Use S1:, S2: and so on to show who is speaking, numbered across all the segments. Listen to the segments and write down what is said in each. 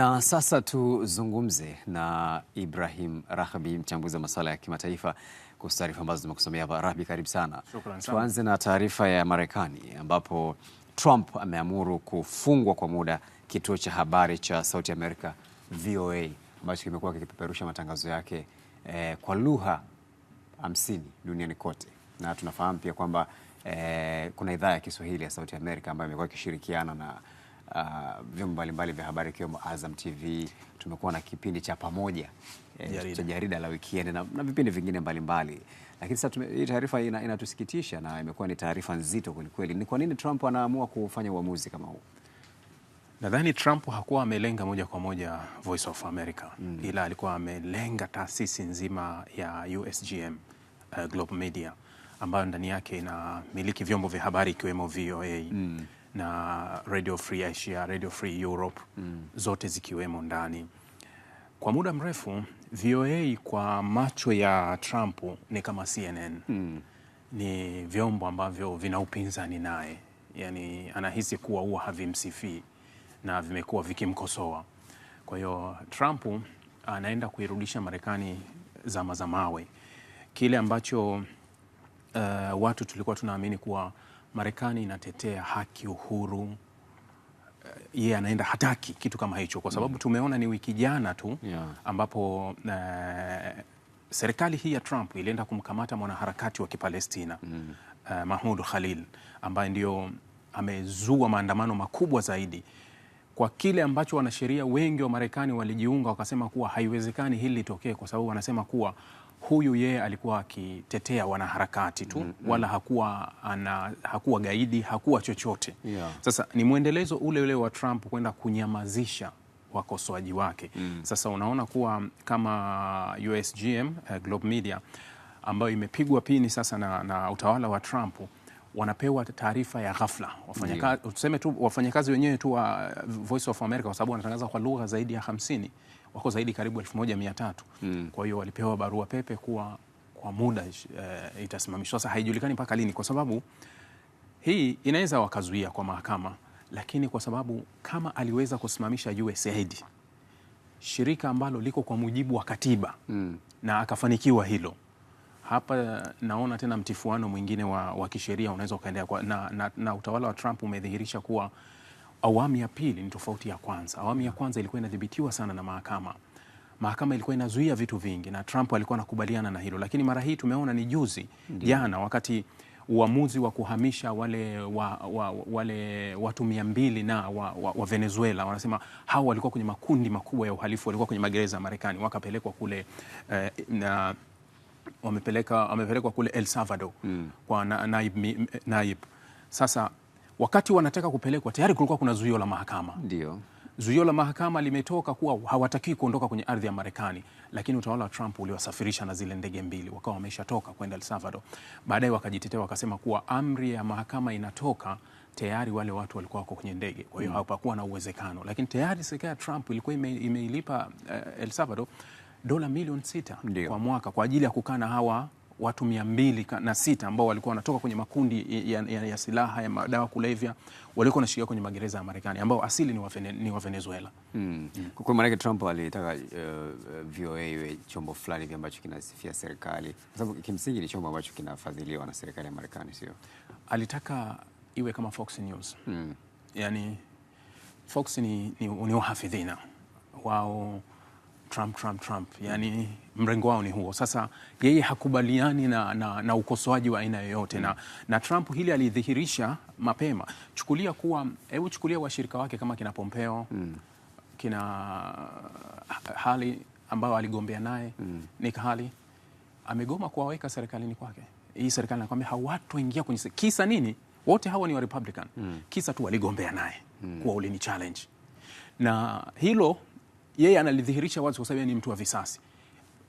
S1: Na sasa tuzungumze na Ibrahim Rahbi, mchambuzi wa masuala ya kimataifa, kuhusu taarifa ambazo tumekusomea hapa. Rahbi, karibu sana.
S2: sana. Tuanze
S1: na taarifa ya Marekani ambapo Trump ameamuru kufungwa kwa muda kituo cha habari cha Sauti Amerika VOA ambacho kimekuwa kikipeperusha matangazo yake eh, kwa lugha hamsini duniani kote, na tunafahamu pia kwamba eh, kuna idhaa ya Kiswahili ya Sauti Amerika ambayo imekuwa ikishirikiana na uh, vyombo mbalimbali vya habari ikiwemo Azam TV, tumekuwa na kipindi cha pamoja eh, cha jarida la wikiendi na, na vipindi vingine mbalimbali mbali. Lakini sasa hii taarifa inatusikitisha ina na imekuwa ni taarifa nzito kwelikweli. Ni kwa nini Trump anaamua kufanya uamuzi kama huu?
S2: Nadhani Trump hakuwa amelenga moja kwa moja Voice of America mm. ila alikuwa amelenga taasisi nzima ya USGM uh, Globe Media ambayo ndani yake inamiliki vyombo vya habari ikiwemo VOA mm na Radio Free Asia, Radio Free Europe mm. zote zikiwemo ndani. Kwa muda mrefu VOA kwa macho ya Trump ni kama CNN mm. ni vyombo ambavyo vina upinzani naye, yani anahisi kuwa huwa havimsifii na vimekuwa vikimkosoa. Kwa hiyo Trump anaenda kuirudisha Marekani zama za mawe, kile ambacho uh, watu tulikuwa tunaamini kuwa Marekani inatetea haki, uhuru eh, yeye yeah, anaenda hataki kitu kama hicho, kwa sababu mm. tumeona ni wiki jana tu yeah, ambapo uh, serikali hii ya Trump ilienda kumkamata mwanaharakati wa Kipalestina mm, uh, Mahmoud Khalil ambaye ndio amezua maandamano makubwa zaidi kwa kile ambacho wanasheria wengi wa Marekani walijiunga wakasema kuwa haiwezekani hili litokee, kwa sababu wanasema kuwa huyu yeye alikuwa akitetea wanaharakati tu mm -hmm. wala hakuwa, ana, hakuwa gaidi hakuwa chochote yeah. Sasa ni mwendelezo ule ule wa Trump kwenda kunyamazisha wakosoaji wake mm. Sasa unaona kuwa kama USGM uh, eh, Globe Media ambayo imepigwa pini sasa na, na utawala wa Trump wanapewa taarifa ya ghafla wafanyakazi, tuseme tu wafanyakazi wenyewe tu wa Voice of America, kwa sababu wanatangaza kwa lugha zaidi ya hamsini wako zaidi karibu 1300 mm. Kwa hiyo walipewa barua pepe kuwa kwa muda uh, itasimamishwa. Sasa haijulikani mpaka lini, kwa sababu hii inaweza wakazuia kwa mahakama, lakini kwa sababu kama aliweza kusimamisha USAID shirika ambalo liko kwa mujibu wa katiba mm. na akafanikiwa hilo hapa naona tena mtifuano mwingine wa, wa kisheria unaweza ukaendelea na, na, na utawala wa Trump umedhihirisha kuwa awamu ya pili ni tofauti ya kwanza. Awamu ya kwanza ilikuwa inadhibitiwa sana na mahakama mahakama ilikuwa inazuia vitu vingi na Trump alikuwa anakubaliana na hilo, lakini mara hii tumeona ni juzi jana, wakati uamuzi wa kuhamisha wale, wa, wa, wale watu mia mbili na wa, wa, wa Venezuela, wanasema hao walikuwa kwenye makundi makubwa ya uhalifu, walikuwa kwenye magereza ya Marekani, wakapelekwa kule eh, na wamepelekwa kule El Salvador mm. kwa naib, naib. Sasa wakati wanataka kupelekwa tayari kulikuwa kuna zuio la mahakama. Ndio. Zuio la mahakama limetoka kuwa hawatakiwi kuondoka kwenye ardhi ya Marekani, lakini utawala wa Trump uliwasafirisha na zile ndege mbili, wakawa wameshatoka kwenda El Salvador. Baadaye wakajitetea wakasema kuwa amri ya mahakama inatoka tayari wale watu walikuwa wako kwenye ndege, kwa hiyo mm, hapakuwa na uwezekano, lakini tayari serikali ya Trump ilikuwa imeilipa ime uh, El Salvador dola milioni sita kwa mwaka kwa ajili ya kukaa na hawa watu mia mbili na sita ambao walikuwa wanatoka kwenye makundi ya, ya, ya silaha ya madawa kulevya walikuwa wanashikiliwa kwenye magereza ya Marekani ambao asili ni wa, ni wa Venezuela.
S1: Mm. Mm. maanake Trump alitaka uh, eh, VOA iwe chombo fulani ambacho kinasifia serikali kwa sababu kimsingi ni chombo ambacho kinafadhiliwa na serikali ya Marekani, sio?
S2: Alitaka iwe kama Fox News. Mm. Yani Fox ni, ni, ni wahafidhina wao Trump, Trump, Trump, yani mrengo wao ni huo. Sasa yeye hakubaliani na, na, na ukosoaji wa aina yoyote na, na Trump hili alidhihirisha mapema. Chukulia kuwa hebu chukulia washirika wake kama kina Pompeo mm. kina Hali ambayo aligombea naye mm. Haley amegoma kuwaweka serikalini kwake. Hii serikali anakwambia hawatoingia kwenye kisa nini? Wote hawa ni wa Republican mm. kisa tu waligombea naye mm. kuwa ulini challenge na hilo yeye analidhihirisha wazi, kwa sababu ni mtu wa visasi.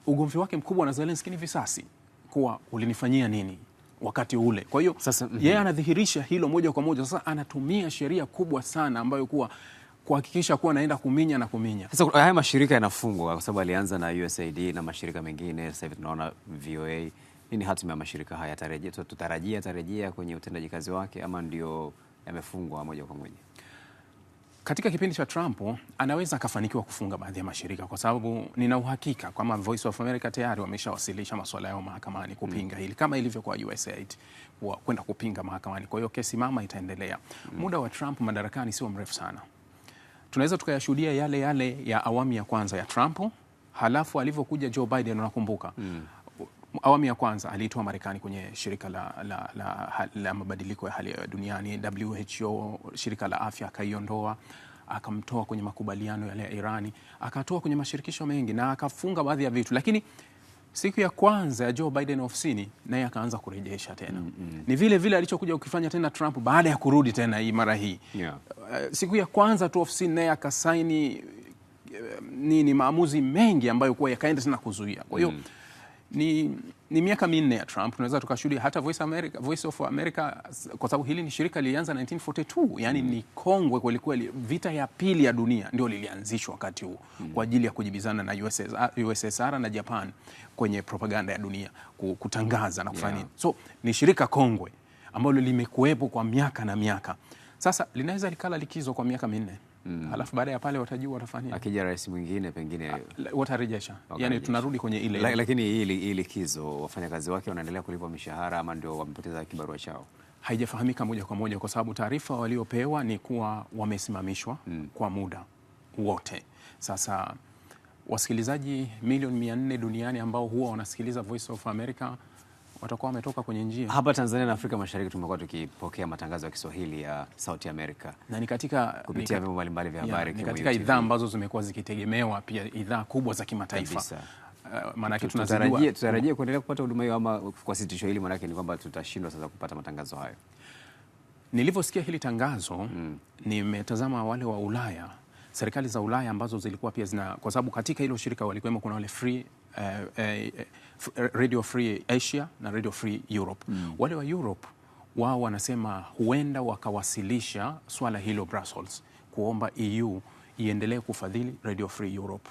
S2: Ugomvi wake mkubwa na Zelensky ni visasi, kuwa ulinifanyia nini wakati ule. Kwa hiyo sasa mm -hmm. yeye anadhihirisha hilo moja kwa moja. Sasa anatumia sheria kubwa sana ambayo kuwa kuhakikisha kuwa naenda kuminya na kuminya.
S1: Sasa haya mashirika yanafungwa kwa sababu alianza na USAID na mashirika mengine, sasa hivi tunaona VOA. Nini hatima ya mashirika haya? Tutarajia yatarejea kwenye utendaji kazi wake ama ndio yamefungwa moja kwa moja?
S2: katika kipindi cha Trump anaweza akafanikiwa kufunga baadhi ya mashirika, kwa sababu nina uhakika kwamba Voice of America tayari wameshawasilisha masuala yao mahakamani kupinga mm. hili kama ilivyo kwa USAID kwenda kupinga mahakamani. Kwa hiyo kesi mama itaendelea mm. muda wa Trump madarakani sio mrefu sana, tunaweza tukayashuhudia yale yale ya awamu ya kwanza ya Trump, halafu alivyokuja Joe Biden, unakumbuka mm awamu ya kwanza aliitoa Marekani kwenye shirika la, la, la, la mabadiliko ya hali ya duniani WHO, shirika la afya akaiondoa, akamtoa kwenye makubaliano yale ya Irani, akatoa kwenye mashirikisho mengi na akafunga baadhi ya vitu, lakini siku ya kwanza ya Joe Biden ofisini naye akaanza kurejesha tena mm -hmm. Ni vile vile alichokuja ukifanya tena Trump baada ya kurudi tena hii mara hii yeah. Uh, siku ya kwanza tu ofisini naye akasaini eh, nini maamuzi mengi ambayo kuwa yakaenda tena kuzuia, kwa hiyo mm -hmm ni, ni miaka minne ya Trump, tunaweza tukashuhudia hata Voice, America, Voice of America, kwa sababu hili ni shirika lilianza 1942 yani mm. ni kongwe kwelikweli Vita ya pili ya dunia ndio lilianzishwa wakati huo mm. kwa ajili ya kujibizana na USSR, USSR na Japan kwenye propaganda ya dunia kutangaza na kufanya yeah. So ni shirika kongwe ambalo limekuwepo kwa miaka na miaka, sasa linaweza likala likizo kwa miaka minne mm. Alafu baada ya pale watajua watafanya.
S1: Akija rais mwingine pengine
S2: watarejesha, yani tunarudi kwenye ile
S1: la, lakini hii likizo wafanyakazi wake wanaendelea kulipwa mishahara ama ndio wamepoteza kibarua chao?
S2: Haijafahamika moja kwa moja kwa sababu taarifa waliopewa ni kuwa wamesimamishwa mm. kwa muda wote. Sasa wasikilizaji milioni 400 duniani ambao huwa wanasikiliza Voice of America watakuwa wametoka kwenye njia.
S1: Hapa Tanzania na Afrika Mashariki tumekuwa tukipokea matangazo ya Kiswahili ya Sauti Amerika na ni katika kupitia vyombo mbalimbali vya habari, ni
S2: katika idhaa ambazo zimekuwa zikitegemewa pia idhaa kubwa za kimataifa. Uh, maanake tunatarajia
S1: tutarajia kuendelea kupata huduma hiyo ama kwa sitisho hili, maanake ni kwamba tutashindwa sasa kupata matangazo hayo.
S2: Nilivyosikia hili tangazo mm, nimetazama wale wa Ulaya serikali za Ulaya ambazo zilikuwa pia zina, kwa sababu katika hilo shirika walikuwemo kuna wale free uh, uh, Radio Free Asia na Radio Free Europe mm. Wale wa Europe wao wanasema huenda wakawasilisha swala hilo Brussels kuomba EU iendelee kufadhili Radio Free Europe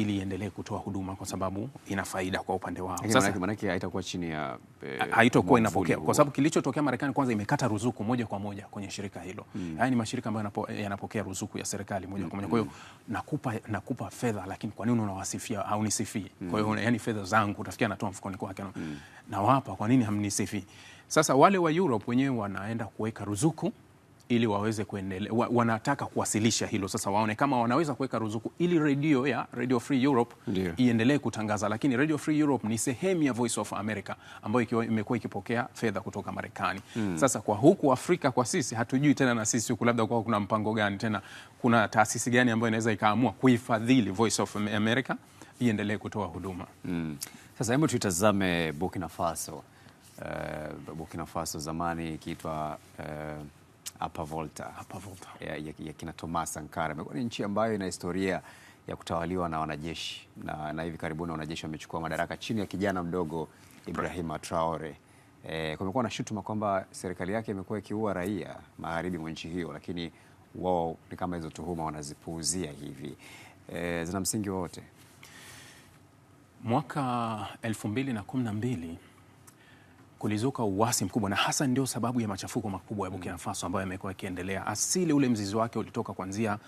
S2: ili iendelee kutoa huduma kwa sababu ina faida kwa upande wao.
S1: Sasa maana yake haitakuwa chini ya e,
S2: haitakuwa inapokea kwa sababu kilichotokea Marekani kwanza imekata ruzuku moja kwa moja kwenye shirika hilo. Mm. Haya ni mashirika ambayo yanapokea ruzuku ya serikali moja kwa moja. Kwa hiyo hmm. nakupa, nakupa fedha lakini kwa nini unawasifia au nisifii? Kwa hiyo hmm. yani fedha zangu utafikia natoa mfukoni kwake. Mm. Na wapa kwa nini hamnisifi? Sasa wale wa Europe wenyewe wanaenda kuweka ruzuku ili waweze kuendelea wa, wanataka kuwasilisha hilo sasa, waone kama wanaweza kuweka ruzuku ili redio ya Radio Free Europe iendelee kutangaza, lakini Radio Free Europe ni sehemu ya Voice of America ambayo imekuwa ikipokea fedha kutoka Marekani hmm. Sasa kwa huku Afrika kwa sisi hatujui tena, na sisi huku labda kwa kuna mpango gani tena, kuna taasisi gani ambayo inaweza ikaamua kuifadhili Voice of America iendelee kutoa huduma
S1: hmm. Sasa hebu tuitazame Burkina Faso. Uh, Burkina Faso zamani ikiitwa uh, hapa Volta,
S2: hapa Volta.
S1: Ya, ya, ya kina Thomas Sankara. Imekuwa ni nchi ambayo ina historia ya kutawaliwa na wanajeshi na, na hivi karibuni wanajeshi wamechukua madaraka chini ya kijana mdogo Ibrahim Traore. E, kumekuwa na shutuma kwamba serikali yake imekuwa ikiua raia magharibi mwa nchi hiyo, lakini wao ni kama hizo tuhuma wanazipuuzia hivi. E, zina msingi wote.
S2: Mwaka elfu mbili na mbili kulizuka uasi mkubwa na hasa ndio sababu ya machafuko makubwa ya mm. Burkina Faso ambayo yamekuwa yakiendelea. Asili ule mzizi wake ulitoka kuanzia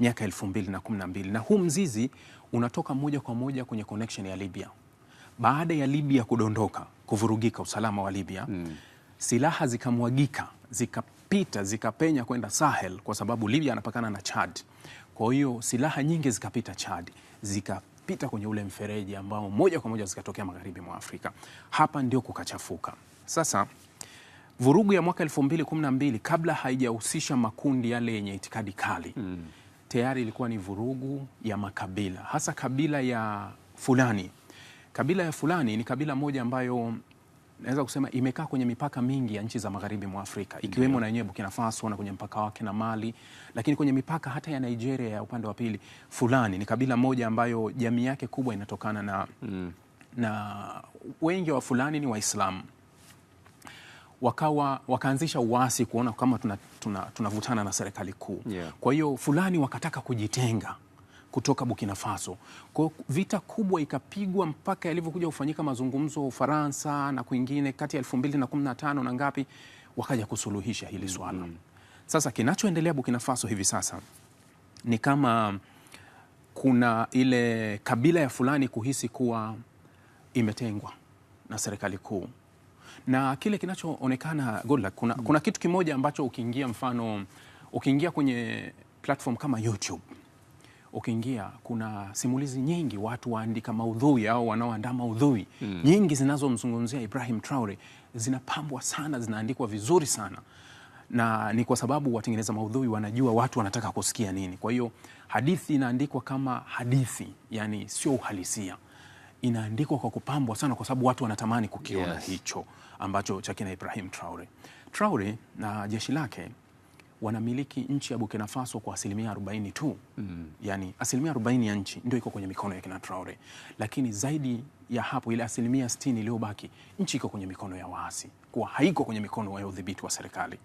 S2: miaka elfu mbili na kumi na mbili na huu mzizi unatoka moja kwa moja kwenye connection ya Libya. Baada ya Libya kudondoka, kuvurugika usalama wa Libya mm. silaha zikamwagika, zikapita, zikapenya kwenda Sahel kwa sababu Libya anapakana na Chad. Kwa hiyo silaha nyingi zikapita Chad zika zikapita kwenye ule mfereji ambao moja kwa moja zikatokea magharibi mwa Afrika. Hapa ndio kukachafuka sasa. Vurugu ya mwaka 2012 kabla haijahusisha makundi yale yenye itikadi kali mm. tayari ilikuwa ni vurugu ya makabila, hasa kabila ya fulani. Kabila ya fulani ni kabila moja ambayo naweza kusema imekaa kwenye mipaka mingi ya nchi za magharibi mwa Afrika ikiwemo yeah. na yenyewe Burkina Faso na kwenye mpaka wake na Mali, lakini kwenye mipaka hata ya Nigeria ya upande wa pili, Fulani ni kabila moja ambayo jamii yake kubwa inatokana na mm. na wengi wa Fulani ni Waislamu wakawa wakaanzisha uasi kuona kama tunavutana tuna, tuna na serikali kuu yeah. Kwa hiyo Fulani wakataka kujitenga kutoka Burkina Faso. Kwa hiyo vita kubwa ikapigwa mpaka yalivyokuja kufanyika mazungumzo Ufaransa na kwingine kati ya 2015 na ngapi, wakaja kusuluhisha hili swala mm. Sasa kinachoendelea Burkina Faso hivi sasa ni kama kuna ile kabila ya fulani kuhisi kuwa imetengwa na serikali kuu na kile kinachoonekana luck, kuna, mm. kuna kitu kimoja ambacho ukiingia mfano ukiingia kwenye platform kama YouTube ukiingia kuna simulizi nyingi, watu waandika maudhui au wanaoandaa maudhui mm. nyingi zinazomzungumzia Ibrahim Traore zinapambwa sana, zinaandikwa vizuri sana, na ni kwa sababu watengeneza maudhui wanajua watu wanataka kusikia nini. Kwa hiyo hadithi inaandikwa kama hadithi, yani sio uhalisia inaandikwa kwa kupambwa sana kwa sababu watu wanatamani kukiona yes. hicho ambacho cha kina Ibrahim Traore. Traore na jeshi lake wanamiliki nchi ya Burkina Faso kwa asilimia 40 tu mm. Yani asilimia 40 ya nchi ndio iko kwenye mikono ya kina Traore, lakini zaidi ya hapo, ile asilimia 60 iliyobaki, nchi iko kwenye mikono ya waasi, kuwa haiko kwenye mikono ya udhibiti wa serikali.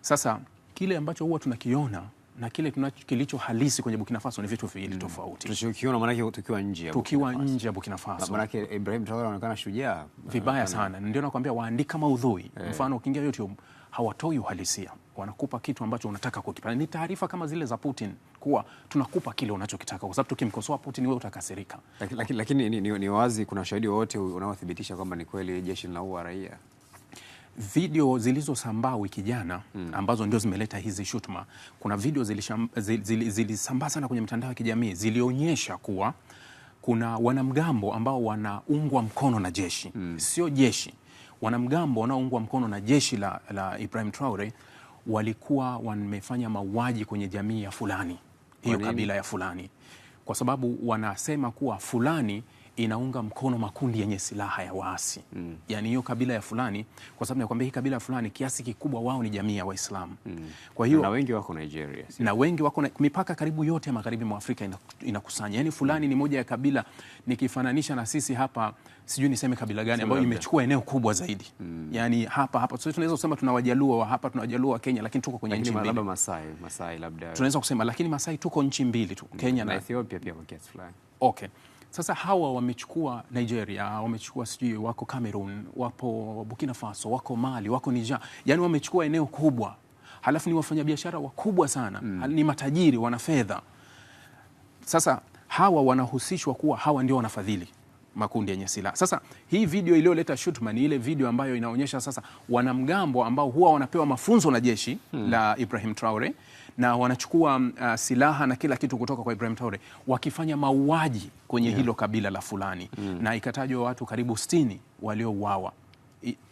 S2: Sasa kile ambacho huwa tunakiona na kile kilicho halisi kwenye Burkina Faso ni vitu viwili mm. tofauti.
S1: Tukiona yake tukiwa nje ya
S2: tukiwa nje ya Burkina Faso.
S1: Maana yake Ibrahim Traore anaonekana shujaa
S2: vibaya sana, ndio nakwambia waandika maudhui hey. Eh. Mfano ukiingia YouTube hawatoi uhalisia, wanakupa kitu ambacho unataka kukipa. Ni taarifa kama zile za Putin kuwa tunakupa kile unachokitaka, kwa sababu tukimkosoa Putin wewe utakasirika.
S1: Lakini laki, laki, ni, ni, ni wazi kuna shahidi wote unaothibitisha kwamba ni kweli jeshi linaua raia?
S2: video zilizosambaa wiki jana mm. ambazo ndio zimeleta hizi shutuma. Kuna video zilisambaa zili, sana kwenye mitandao ya kijamii zilionyesha kuwa kuna wanamgambo ambao wanaungwa mkono na jeshi mm. sio jeshi, wanamgambo wanaoungwa mkono na jeshi la, la Ibrahim Traore walikuwa wamefanya mauaji kwenye jamii ya fulani, hiyo kabila ya fulani, kwa sababu wanasema kuwa fulani inaunga mkono makundi yenye silaha ya waasi mm. Yani hiyo kabila ya fulani, kwa sababu nakwambia hii kabila ya fulani kiasi kikubwa wao ni jamii ya Waislamu mm.
S1: Kwa hiyo na wengi wako Nigeria, si?
S2: na wengi wako na, mipaka karibu yote ya magharibi mwa Afrika inakusanya, yani fulani mm. ni moja ya kabila, nikifananisha na sisi hapa, sijui niseme kabila gani ambayo imechukua eneo kubwa zaidi mm. Yani hapa hapa so, tunaweza kusema tuna Wajaluo wa hapa, tuna Wajaluo wa Kenya, lakini tuko kwenye nchi
S1: mbili, labda Masai, Masai labda
S2: tunaweza kusema, lakini Masai tuko nchi mbili tu, mm. Kenya
S1: na, na Ethiopia pia kwa kiasi fulani
S2: okay sasa hawa wamechukua Nigeria, wamechukua sijui wako Cameroon, wapo Burkina Faso, wako Mali, wako Niger, yani wamechukua eneo kubwa, halafu ni wafanyabiashara wakubwa sana mm. ni matajiri, wana fedha. Sasa hawa wanahusishwa kuwa hawa ndio wanafadhili makundi yenye silaha. Sasa hii video iliyoleta shutuma ni ile video ambayo inaonyesha sasa wanamgambo ambao huwa wanapewa mafunzo na jeshi hmm, la Ibrahim Traore na wanachukua mm, uh, silaha na kila kitu kutoka kwa Ibrahim Traore wakifanya mauaji kwenye yeah, hilo kabila la fulani hmm, na ikatajwa watu karibu 60 waliouawa.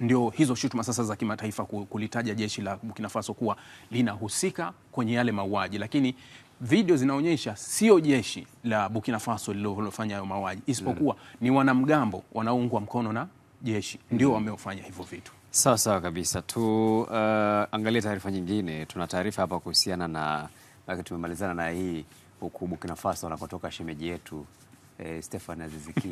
S2: Ndio hizo shutuma sasa za kimataifa kulitaja jeshi la Burkina Faso kuwa linahusika kwenye yale mauaji, lakini video zinaonyesha sio jeshi la Burkina Faso lililofanya hayo mauaji, isipokuwa ni wanamgambo wanaoungwa mkono na jeshi ndio mm-hmm. wameofanya hivyo vitu.
S1: Sawa sawa kabisa tu. Uh, angalia taarifa nyingine. Tuna taarifa hapa kuhusiana na tumemalizana na hii huku Burkina Faso anakotoka shemeji yetu eh, Stefan Aziziki.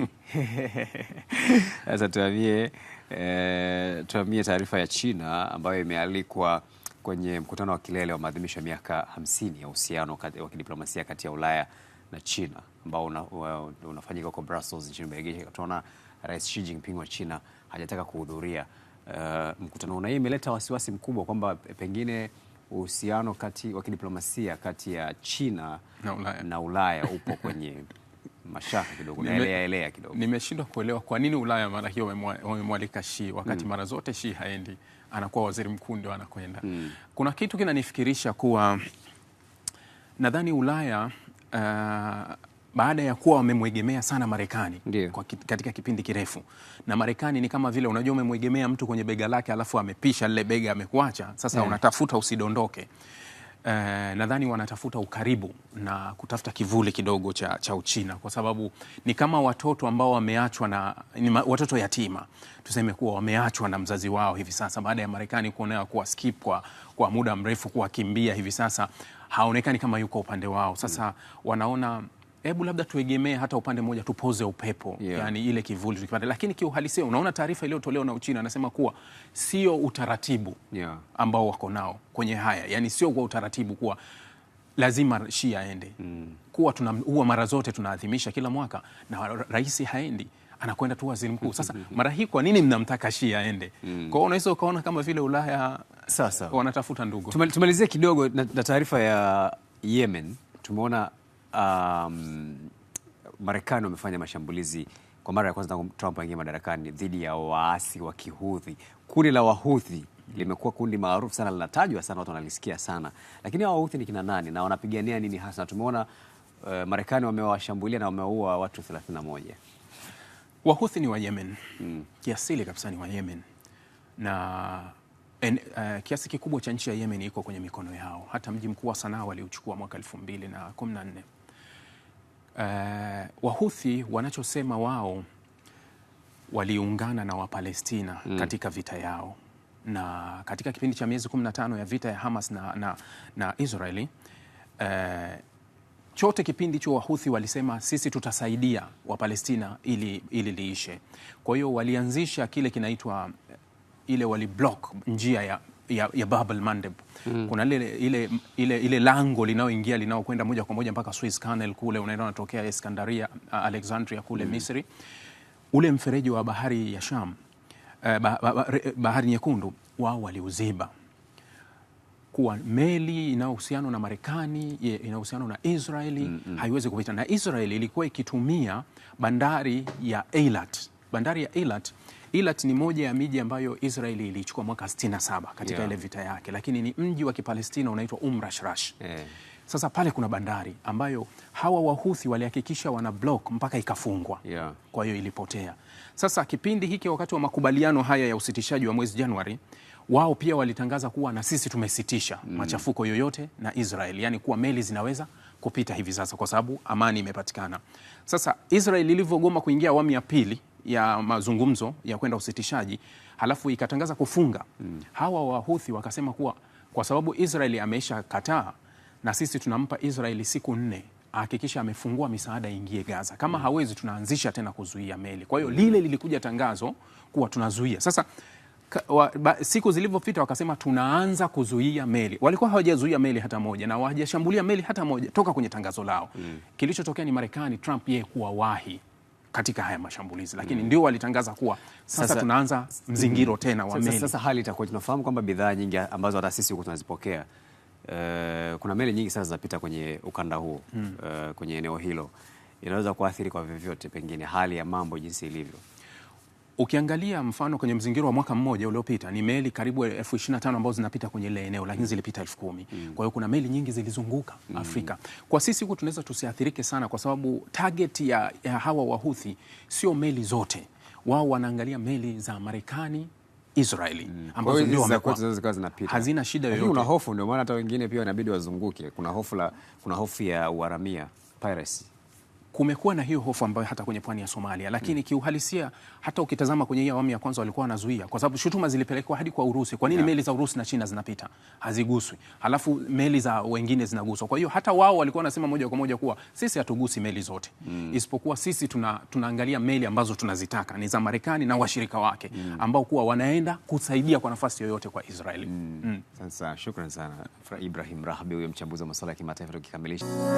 S1: Sasa tuamie eh, tuamie taarifa ya China ambayo imealikwa kwenye mkutano wa kilele wa maadhimisho ya miaka hamsini ya uhusiano wa kidiplomasia kati ya Ulaya na China ambao una, una, unafanyika huko Brussels nchini Belgiji. Tunaona Rais Xi Jinping wa China hajataka kuhudhuria uh, mkutano huu, na hii imeleta wasiwasi mkubwa kwamba pengine uhusiano kati wa kidiplomasia kati ya China na Ulaya, na Ulaya upo kwenye mashaka kidogo na elea elea kidogo.
S2: Nimeshindwa kuelewa kwa nini Ulaya mara hiyo wamemwalika Xi wakati mm. mara zote Xi haendi anakuwa waziri mkuu ndio anakwenda mm. Kuna kitu kinanifikirisha kuwa nadhani Ulaya uh, baada ya kuwa wamemwegemea sana Marekani kwa katika kipindi kirefu, na Marekani ni kama vile unajua, umemwegemea mtu kwenye bega lake, alafu amepisha lile bega amekuacha, sasa yeah. Unatafuta usidondoke eh, nadhani wanatafuta ukaribu na kutafuta kivuli kidogo cha, cha Uchina kwa sababu ni kama watoto ambao wameachwa na ni watoto yatima tuseme kuwa wameachwa na mzazi wao hivi sasa baada ya Marekani kuonea kuwa skip kwa, kwa muda mrefu kuwakimbia hivi sasa haonekani kama yuko upande wao sasa, hmm. wanaona hebu labda tuegemee hata upande mmoja tupoze upepo yeah. Yani ile kivuli tukipata, lakini kiuhalisia, unaona taarifa iliyotolewa na Uchina anasema kuwa sio utaratibu yeah. ambao wako nao kwenye haya, yani sio kwa utaratibu kuwa lazima Xi aende mm. kuwa tuna huwa mara zote tunaadhimisha kila mwaka na rais haendi anakwenda tu waziri mkuu. Sasa mara hii kwa nini mnamtaka Xi aende? mm. kwao unaweza ukaona kama vile Ulaya sasa
S1: wanatafuta ndugu. Tumalizie kidogo na, na taarifa ya Yemen tumeona um, Marekani wamefanya mashambulizi kwa mara ya kwanza tangu Trump aingia madarakani dhidi ya waasi wa kihudhi Kundi la wahudhi limekuwa kundi maarufu sana, linatajwa sana, watu wanalisikia sana, lakini hao Wahouthi ni kina nani na wanapigania nini hasa? Tumeona uh, Marekani wamewashambulia na wameua watu 31.
S2: Wahuthi ni wa Yemen mm. Kiasili kabisa ni wa Yemen na en, uh, kiasi kikubwa cha nchi ya Yemen iko kwenye mikono yao. Hata mji mkuu wa Sanaa waliuchukua mwaka 2014. Uh, Wahuthi wanachosema wao waliungana na Wapalestina mm. katika vita yao na katika kipindi cha miezi 15 ya vita ya Hamas na, na, na Israeli uh, chote kipindi hicho Wahuthi walisema sisi tutasaidia Wapalestina ili, ili liishe. Kwa hiyo walianzisha kile kinaitwa eh, ile waliblock njia ya ya, ya Bab el Mandeb mm. kuna ile, ile, ile, ile lango linaoingia linaokwenda moja kwa moja mpaka Suez Canal kule unaenda unatokea Iskandaria, uh, Alexandria kule mm. Misri, ule mfereji wa bahari ya Sham uh, eh, bah, bah, bahari nyekundu wao waliuziba kuwa meli uhusiano na Marekani uhusiano na Israeli mm -hmm. haiwezi kupita, na Israeli ilikuwa ikitumia bandari ya Eilat. Bandari ya Eilat Eilat ni moja ya miji ambayo Israeli ilichukua mwaka 67 katika yeah. ile vita yake, lakini ni mji wa Kipalestina unaitwa Umm Rashrash yeah. Sasa pale kuna bandari ambayo hawa wahuthi walihakikisha wana block mpaka ikafungwa yeah. Kwa hiyo ilipotea. Sasa kipindi hiki, wakati wa makubaliano haya ya usitishaji wa mwezi Januari, wao pia walitangaza kuwa na sisi tumesitisha mm. machafuko yoyote na Israeli, yani kuwa meli zinaweza kupita hivi sasa kwa sababu amani imepatikana. Sasa Israeli ilivyogoma kuingia awamu ya pili ya mazungumzo ya kwenda usitishaji, halafu ikatangaza kufunga mm. hawa Wahuthi wakasema kuwa kwa sababu Israeli ameisha kataa na sisi tunampa Israeli siku nne ahakikisha amefungua misaada ingie Gaza. Kama mm. hawezi, tunaanzisha tena kuzuia meli. Kwa hiyo mm. lile lilikuja tangazo kuwa tunazuia sasa Ka, wa, ba, siku zilivyopita wakasema tunaanza kuzuia meli. Walikuwa hawajazuia meli hata moja na hawajashambulia meli hata moja toka kwenye tangazo lao mm. Kilichotokea ni Marekani Trump yeye kuwawahi katika haya mashambulizi lakini mm. ndio walitangaza kuwa sasa, sasa tunaanza mzingiro mm. tena wa meli. Sasa,
S1: sasa hali itakuwa tunafahamu kwamba bidhaa nyingi ambazo hata sisi huko tunazipokea uh, kuna meli nyingi sasa zinapita kwenye ukanda huo mm. uh, kwenye eneo hilo inaweza kuathiri kwa vyovyote pengine hali ya mambo jinsi ilivyo.
S2: Ukiangalia mfano kwenye mzingiro wa mwaka mmoja uliopita ni meli karibu elfu ishirini na tano ambazo zinapita kwenye ile eneo, lakini mm. zilipita elfu kumi. Mm. Kwa hiyo kuna meli nyingi zilizunguka mm. Afrika. Kwa sisi huku tunaweza tusiathirike sana, kwa sababu target ya, ya hawa Wahuthi sio meli zote, wao wanaangalia meli za Marekani Israeli mm. ambazo ndio
S1: zikawa zinapita hazina shida yoyote. Kuna hofu, ndio maana hata wengine pia inabidi wazunguke. Kuna hofu la kuna hofu ya uharamia piracy
S2: kumekuwa na hiyo hofu ambayo hata kwenye pwani ya Somalia, hmm. lakini hmm. kiuhalisia hata ukitazama kwenye hii awamu ya kwanza walikuwa wanazuia, kwa sababu shutuma zilipelekwa hadi kwa Urusi. Kwa nini yeah. meli za Urusi na China zinapita haziguswi, halafu meli za wengine zinaguswa? Kwa hiyo hata wao walikuwa wanasema moja kwa moja kuwa sisi hatugusi meli zote hmm. isipokuwa sisi tuna, tunaangalia meli ambazo tunazitaka ni za Marekani na hmm. washirika wake hmm. ambao kuwa wanaenda kusaidia kwa nafasi yoyote kwa Israeli mm. hmm.
S1: Sasa shukran sana Ibrahim Rahbi, huyo mchambuzi wa masuala ya kimataifa tukikamilisha